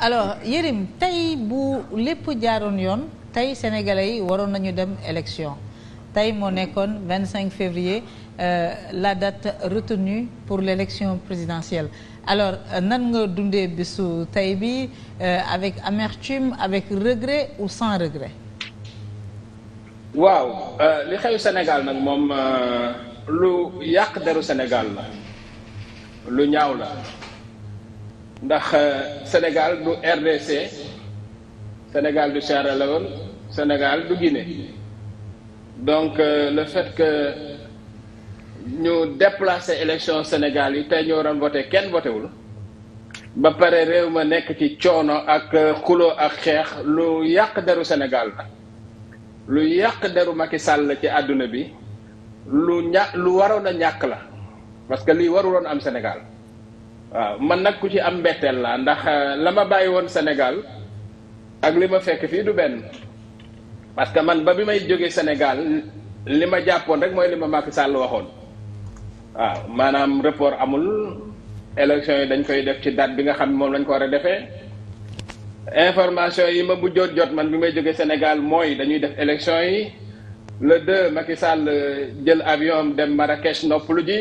alors Yérim tey bu lépp jaaroon yoon tey sénégalais yi waroon nañu dem élection tey moo nekkoon 25 février euh, la date retenue pour l'élection présidentielle alors nan nga dundee bisu tey bi euh, avec amertume avec regret ou sans regret waaw euh, li xew Sénégal nag moom euh, lu yàq deru Sénégal la lu ñaaw la ndax euh, Sénégal du RDC Sénégal du la Leone Sénégal du Guinée donc euh, le fait que ñu déplacer élection Sénégal yi tey ñu waroon voté kenn voté wul ba pare réew ma nekk ci coono ak euh, xuloo ak xeex lu yàq deru Sénégal la lu yàq deru Macky Sall la ci àdduna bi lu ña lu waroon a ñàkk la parce que lii waruloon am Sénégal waaw man nag ku ci am mbetteel la ndax euh, la ma bàyyi woon Sénégal ak li ma fekk fii du benn parce que man ba bi may jógee Sénégal li ma jàppoon rek mooy li ma makk sàll waxoon waaw maanaam report amul élection yi dañ koy def ci date bi nga xam moom lañ ko war a defee information yi ma bu jot jot man bi may jógee Sénégal mooy dañuy def élection yi le 2 Macky Sall euh, jël avion dem Marrakech noppalu ji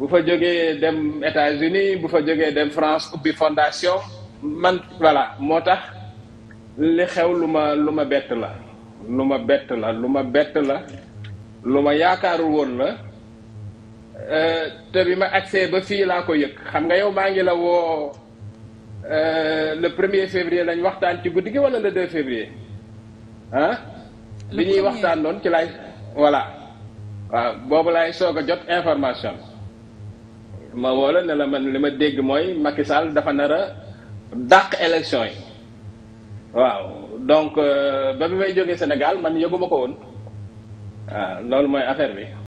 bu fa jógee dem États-Unis bu fa jógee dem France ubbi fondation man voilà moo tax li xew lu ma lu ma bett la lu ma bett la lu ma bett la lu ma yaakaarul woon la euh, te bi ma agsee ba fii laa ko yëg xam nga yow maa ngi la woo euh, le premier février lañ waxtaan ci guddi gi wala le deux février ah li ñuy waxtaan doon ci laay voilà waaw boobu laay soog a jot information ma woo la ne la man li ma dégg mooy Macky Sall dafa nar a dàq élection yi waaw donc euh, ba bi may jógee Sénégal man yëguma ko woon waaw loolu mooy affaire bi